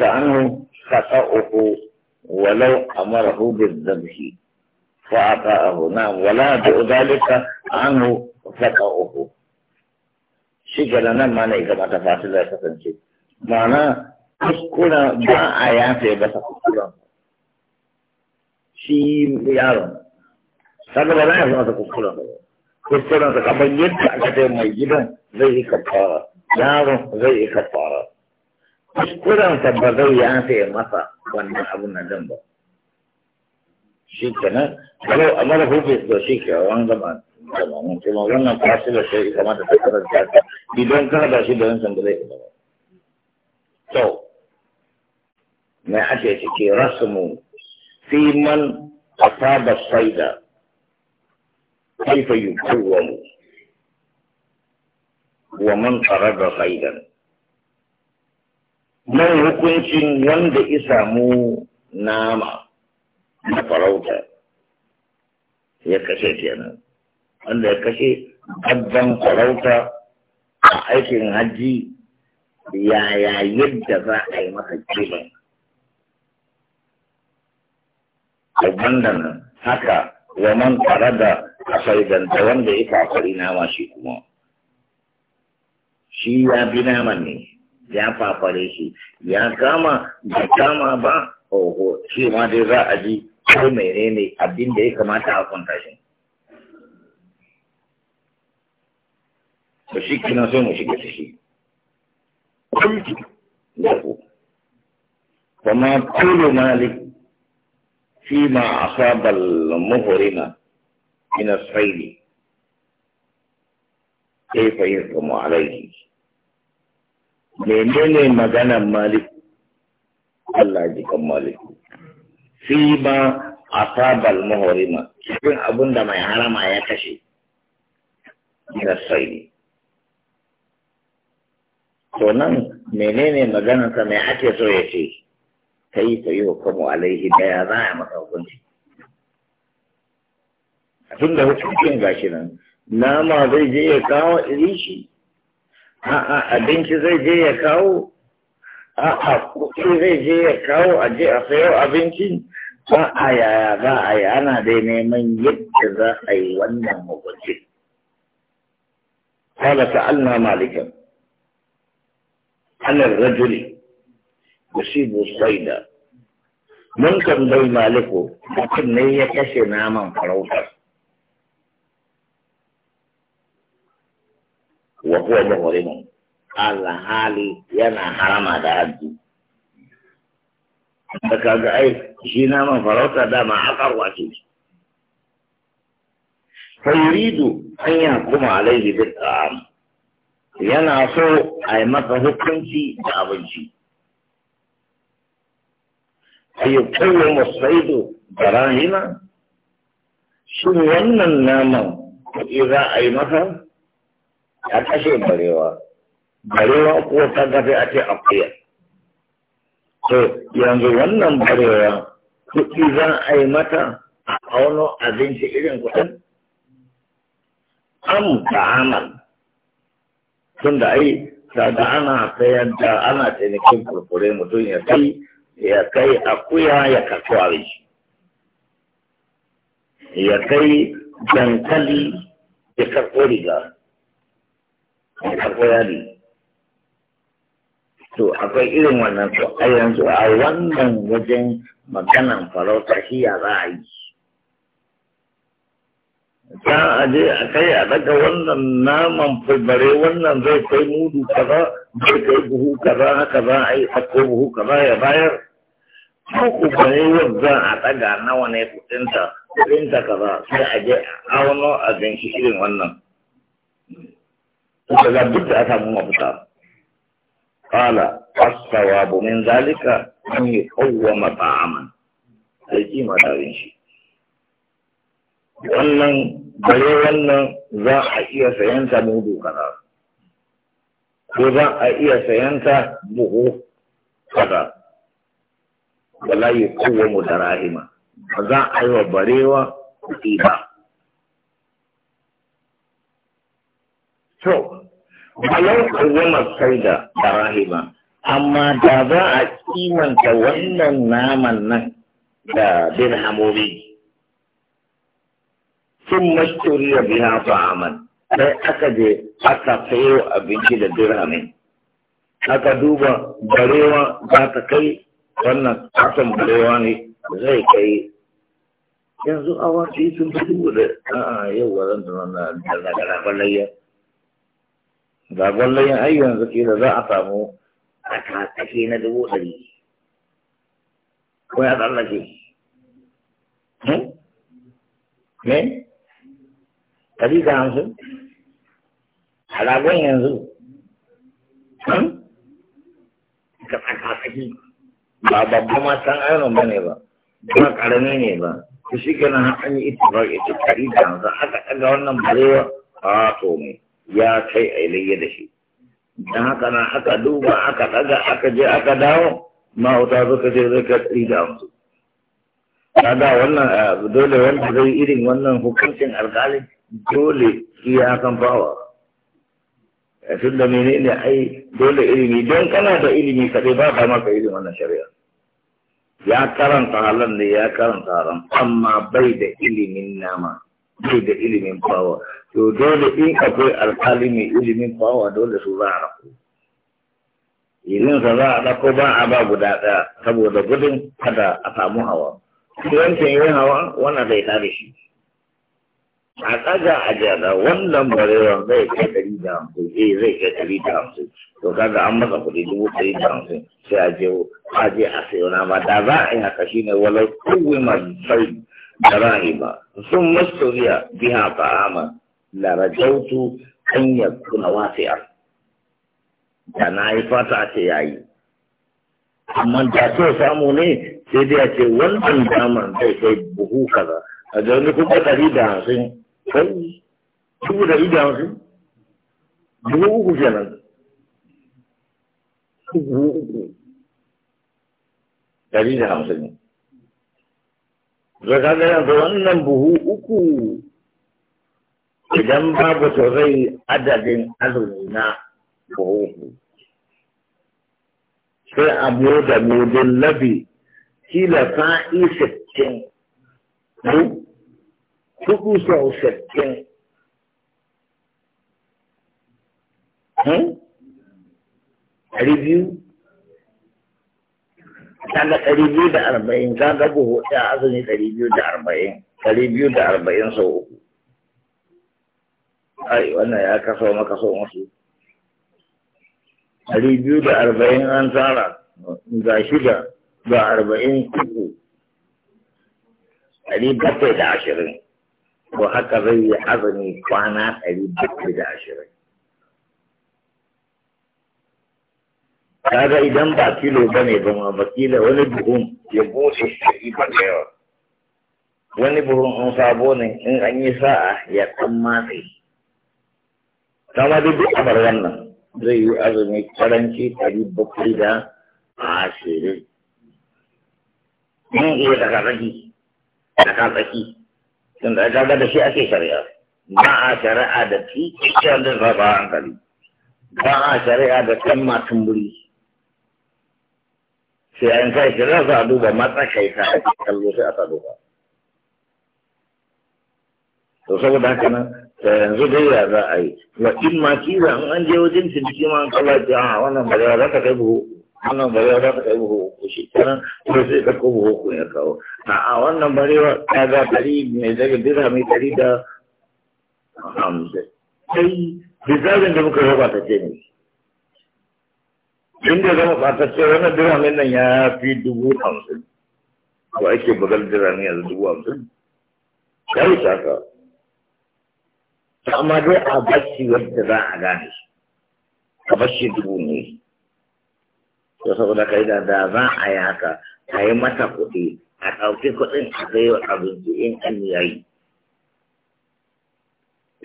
ذلك عنه خطأه ولو أمره بالذبح فأعطاه نعم ولا ذلك عنه خطأه شكرا نعم معنى ما تفاصيل لا تفنشي معنى كنا ما آيات بس كنا شيء يارون سبب لا يفعل كنا كنا تقبل يد أكتر ما يجيبه زي كفارة يارون زي كفارة kuskurensa ba zai yafe masa wannan abun na dan ba shi kenan karo a mara hufe da shi ke wani gama zamanin kuma wannan kwasu da shi kama da takarar jata idan ka da shi da yin sanda zai ba to mai ake ciki rasmu fi man asaba saida kaifa yukawamu wa man qarada saidan mai hukuncin wanda ya samu nama na farauta ya kashe kenan wanda ya kashe abban farauta a aikin hajji yaya yadda za a yi masa kiban abban da nan haka wa man tare da wanda ya kafari nama shi kuma shi ya bi nama ne ya fafare shi ya kama da kama ba oho shi ma dai za a ji ko menene abin da ya kamata a kwanta shi Ba shi kina so mu shiga ciki kulki da ku kuma kullu malik fi ma asabal muhrima min kai fa kayfa kuma alayhi menene maganan malik Allah ji kan malik fi ba asabal mahorima. cikin abin da mai harama ya kashe ina sai ne. to nan menene maganar sa mai ake so ya ce yi ta yi hukumu alaihi daya za a maka hukunci tun da hukuncin gashi nan nama zai je ya kawo irishi a'a abinci zai je ya kawo a'a kuɗi zai je ya kawo a je a sayo abinci ba a yaya ba a yi ana dai neman yadda za a yi wannan hukunci kala sa'alna malikan ana rajuli yusibu da. mun tambayi maliku mutum ne ya kashe naman farautar huwa muhrimun alhali yana harama da haji da kaga ai shi naman farauta dama akarwa ce fayuridu an ya kuma alaihi bil ta'am yana so a yi masa hukunci da abinci ayyukawo musaidu da shin wannan naman kuɗi za a yi masa ya kashe barewa barewa ko ta gafe a ce akuya to yanzu wannan barewa kuɗi za a yi mata a auno abinci irin kuɗin an Tunda tun da ai ana sayar da ana cinikin kurkure mutum ya kai ya kai akuya ya kasu abinci ya kai dankali ya karɓo riga ya to akwai irin wannan to a yanzu a wannan wajen maganan farauta shi ya za a yi za a je a kai a daga wannan naman fulbare wannan zai kai mudu kaza zai kai buhu kaza haka za a yi buhu kaza ya bayar ko ku yau za a daga nawa ne kuɗinta kuɗinta kaza sai a je a auno a ganshi irin wannan kuka ga duk da aka mun mafita qala as-sawabu min zalika an yuqawwama ta'aman sai kima da shi wannan bare wannan za a iya sayanta mudu kaza ko za a iya sayanta buhu kaza wala mu darahima ba za a yi wa barewa kuɗi ba to walau kawwama saida da rahima amma da za a kimanta wannan naman nan da dirhamomi sun mashturi da biya fa'aman sai aka je aka sayo abinci da dirhamin aka duba barewa za ta kai wannan katon barewa ne zai kai yanzu awa ce sun fi dubu da a'a yau wa zan da wannan da ga gwallon ai yanzu kila za a samu a kakashe na dubu ɗari ko ya tsallake ne hmm? ɗari ga hansu a ragon yanzu hmm? ka tsakasaki ba babba ma san ainihin ba ne ba ba ƙarami ne ba ku shi kenan hannun ita ba ita ɗari da hansu aka ɗaga wannan barewa a to mai ya kai ailayya da shi dan haka na aka duba aka daga aka je aka dawo mahauta suka je zai ka ɗari da wannan dole wanda zai irin wannan hukuncin alkali dole shi ya san bawa tun da ne ai dole ilimi don kana da ilimi kaɗai ba ka maka irin wannan shari'a ya karanta halan ne ya karanta haram amma bai da ilimin nama bai da ilimin kwawa, to dole in akwai alkali mai ilimin kwawa dole su za a rako idan sa za a rako ba a ba guda ɗaya saboda gudun kada a samu hawa yankin yin hawa wannan zai tare shi a tsaga a jada wannan barewa zai kai ɗari da hamsin eh zai kai ɗari da hamsin to kaga an masa kuɗi dubu ɗari da hamsin sai a je a je a sayo nama da za a yi haka shine walau kowai masu sai دراهم ثم استوي بها طعاما لرجوت أن يكون واسعا جناي فتاة ياي amma da so samu ne sai dai a ce wannan damar zai sai buhu kaza a da wani kuma ɗari da hamsin kai ɗari da hamsin buhu uku buhu uku da hamsin da kaga da wannan buhu uku idan babu to zai adadin azumi na buhu sai a da mudin labi kila fa'i sittin kuku sau sittin hmm? ɗari biyu kaga ɗari biyu da arba'in ga buhu ɗaya azumi ɗari biyu da arba'in ɗari biyu da arba'in sau uku ai wannan ya kaso maka so musu ɗari biyu da arba'in an tsara ga shida ga arba'in uku ɗari bakwai da ashirin ko haka zai yi azumi kwana ɗari bakwai da ashirin kaga idan ba kilo ba ne ba ma ba kila wani buhun ya bude shi ba da yawa wani buhun an sabo ne in an yi sa'a ya kan matse kama duk duk kamar wannan zai yi azumi karanci ɗari bakwai da ashirin mun iya daga tsaki daga tsaki tun da kaga da shi ake shari'a ba a shari'a da tikin da zaba hankali ba a shari'a da kan matan buri sai an sa, shi za a duba matsakaita a cikin kallo sai aka duba to saboda haka nan da yanzu dai ya za a yi wa in ma kila in an je wajen ciniki ma an kalla ce a ah, wannan barewa za ta kai buhu wannan barewa za ta kai buhu uku shi kenan kuma sai ka ko buhu uku ya kawo a a wannan barewa ta ga dari mai daga dira mai dari da hamsin sai bizabin da muka raba ta ce ne inda zama fatacce wannan diramin nan ya fi dubu hamsin ko ake bugar diramin yanzu dubu hamsin ya wuce haka amma dai a bashi wadda za a gane a bashi dubu ne to saboda kai da da za a yi haka a yi mata kuɗi a ɗauki kuɗin a kai wa abinci in an yayi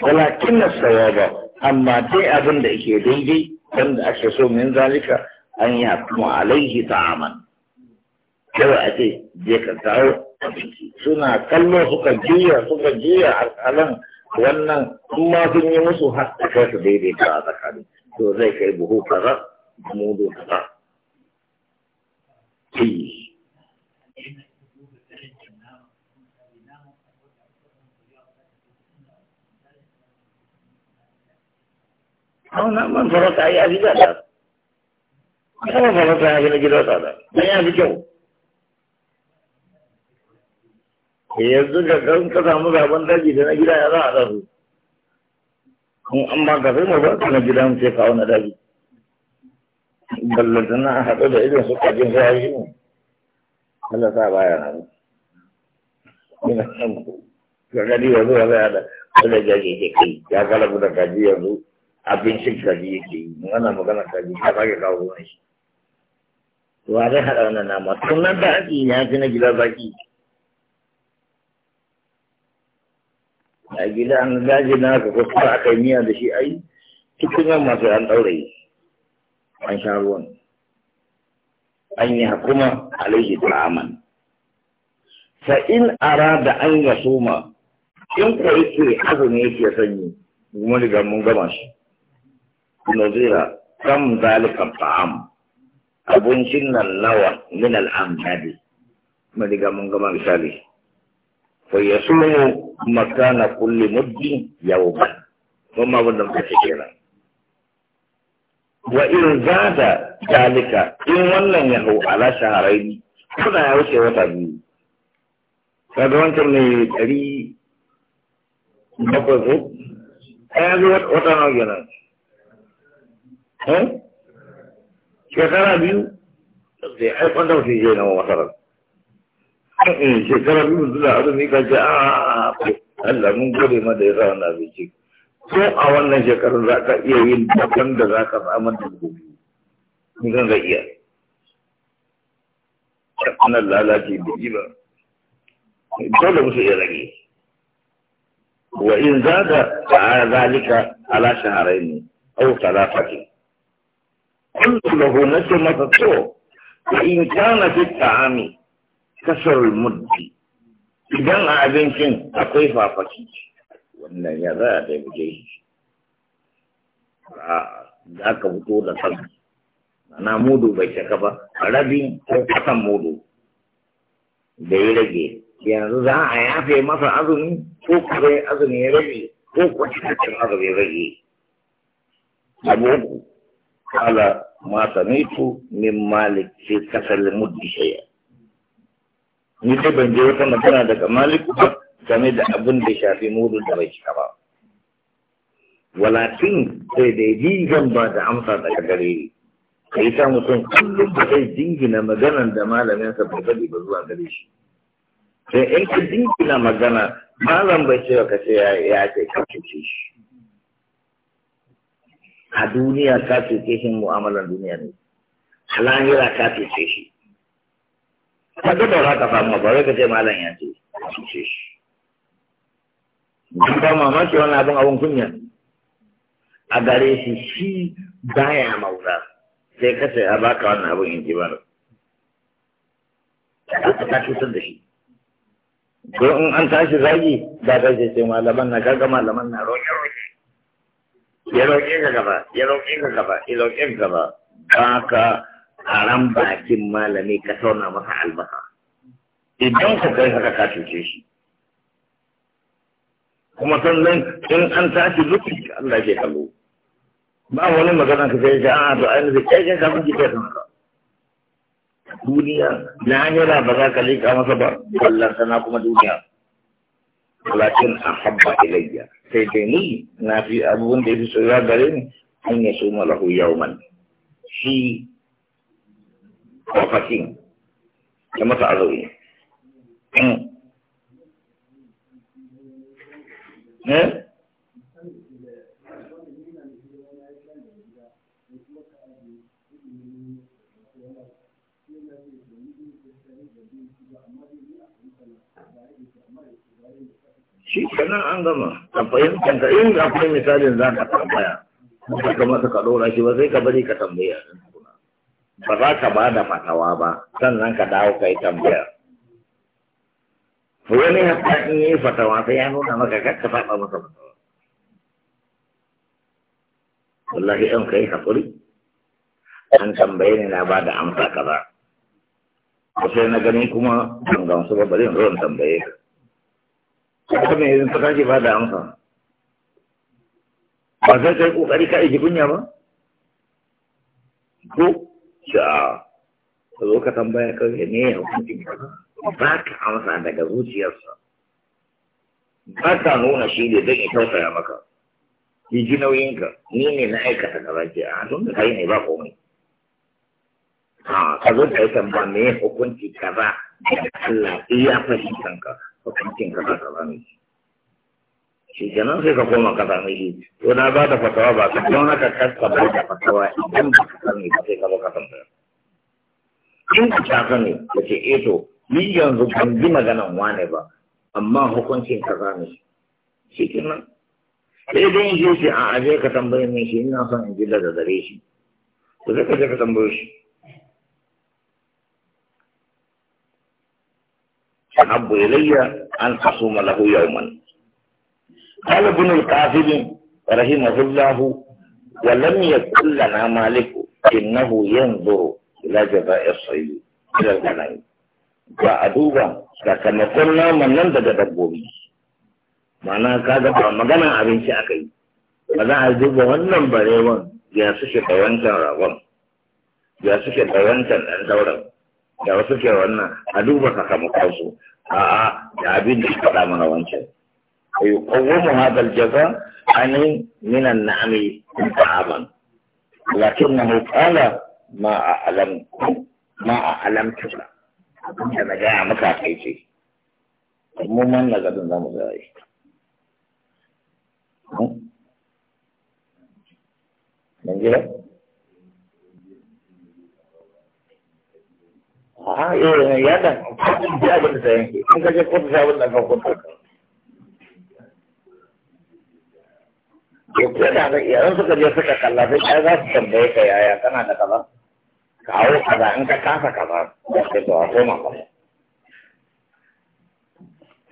walakin na saya ba amma dai abin da ke daidai ake كم أكسسوا من ذلك أن alaihi ta طعاما Yau a ce je ka kawo suna kallo suka jiya suka jiya alƙalan wannan kuma sun yi musu har da kai su daidaita a tsakani to zai kai buhu kaza mudu kaza auna man farauta ya fi tsada kuma farauta ya fi na gida tsada dan ya fi kyau yanzu ga kan ka samu zaben daji da na gida ya za a zasu kun an ba ka sai mu ba na gida mu sai kawo na daji ballanta na haɗu da irin su kajin sai yi mu Allah sa baya na ina nan ku ga gadi yanzu ba za a da wanda jage ke kai ya kalabu da kaji yanzu abincin kaji yake yi wannan magana kaji ta bage kawo ruwan shi to a zai haɗa wannan nama sunan da haƙi ya fi na gida baki a gida an gaji na ka kusa aka yi miya da shi ai tukunan masu an ɗauraye an sha ruwan an yi hakuma alaihi ta'aman fa in arada an ga soma in ko yake azumi yake sanyi mun daga mun gama shi nazira kam zalika ta'am abincin nan nawa min al'amdadi mun riga mun gama misali fa yasumu makana kulli muddi yawman kuma abin da muka ce kenan wa in zada zalika in wannan ya hau ala shaharaini kuna ya wuce wata biyu kaga wancan mai ɗari bakwai ko ɗaya wata nawa kenan Eh? shekara biyu sai ai kwanta mutum je na masarar eh, shekara biyu zuwa azumi ka ce a ah, Allah mun gode ma da ya sa wannan ce ko a wannan shekarun za ka iya yin daban da za ka samar da gobe ni kan ga iya wannan lalace da ji ba dole musu iya rage wa in zaga ta zalika ala a aw thalathati antum lahunatu matatu wa in kana fi ta'ami kasar muddi idan a abincin akwai fafaki wannan ya za a ta yi a za ka fito da kan mana mudu bai cika ba a ko kasan mudu da ya rage yanzu za a yafe masa azumi ko kuma azumi ya rage ko kuma kwacikacin azumi ya rage. Abu uku, kala ma samitu min malik fi kasar muddi shaya ni dai ban je wata magana daga malik ba game da abin da shafi mudu da bai cika ba walakin sai dai jigan ba da amsa daga gare ni kai ta mutum kullum ba zai jingina maganan da malaminsa bai bari ba zuwa gare shi sai in ka dingina magana malam bai ce ka ce ya ce ka cuce shi a duniya ka cuce shi mu'amalar duniya ne a lahira ka cuce shi ka ga da ka fama ba wai ka ce malam ya ce ka cuce shi don ba mamaki wani abin abin kunya a gare shi shi baya maura sai ka ce a baka wannan abin in ji ba ka cutar da shi Ko in an tashi zagi da ka ce malaman na kaga malaman na roƙe-roƙe ya roƙe ka gaba ya roƙe ka gaba ya roƙe ka gaba ka ka haram bakin malami ka tauna masa albasa idan ka kai ka ka cuce shi kuma sannan in an tashi lokaci Allah ke kallo ba wani magana ka sai ka a to ai zai kai ka miji ka san duniya na hanyar ba za ka lika masa ba wallan sana kuma duniya walakin ahabba ilayya sai dai ni na fi abubuwan da yafi soyuwa gare ni an ya suma lahu yawman shi kwafakin ya masa azumi eh hmm. hmm? shi kenan an gama a fahimtar ka in akwai misalin za ka tambaya ba ka masa ka ɗora shi ba sai ka bari ka tambaya ba za ka ba da fatawa ba sannan ka dawo ka yi tambaya wani hatta in yi fatawa sai ya nuna maka kar ka saba masa fatawa wallahi ɗan ka yi haƙuri an tambaye ni na ba da amsa kaza sai na gani kuma ban gamsu ba bari in zo in tambaye ka ka me yanzu ka ce ba da amsa ba sai kai kokari ka aiki kunya ba ko ya ka zo ka tambaya ka ne ya hukunci ba ka amsa daga zuciyarsa ba ka nuna shi ne don ya tausaya maka ki ji nauyinka ni ne na aikata ka zaki a tun da kai ne ba komai a ka zo ka yi tambaya me hukunci kaza Allah iya fahimtanka hukuncin ka kaza ka zame shi shi kenan sai ka koma ka zame shi to na ba da fatawa ba ka kuma na ka ba da fatawa idan ba ka sani ba sai ka zo ka tambaya in ka ta sani ka ce eh to ni yanzu ban ji maganan wane ba amma hukuncin ka zame shi shi kenan sai dai in shi a aje ka tambaye min shi ina son in ji daga dare shi to sai ka je ka tambaye shi أحب إلي أن أصوم له يوما قال ابن القاسم رحمه الله ولم يقل لنا مالك إنه ينظر إلى جزاء الصيد إلى الغنائم وأدوبا naman nan daga dabbobi Mana ka ga ba magana abinci aka yi ba za a duba wannan barewan ya suke da wancan ya da wannan a duba sakamakon su a'a da abin da faɗa هذا الجزاء عن من النعم تعبا لكنه قال ما أعلم ما أعلمت له كما جاء مكاكيتي عموما لقد نظام ذلك من جهة a yau da ya da abin da ta yanke in ka je ta abin da ka kotu ka ya da haka suka je suka kalla sai ya za su tambaye ka yaya kana da kaza kawo kaza in ka kasa kaza sai to a koma kaza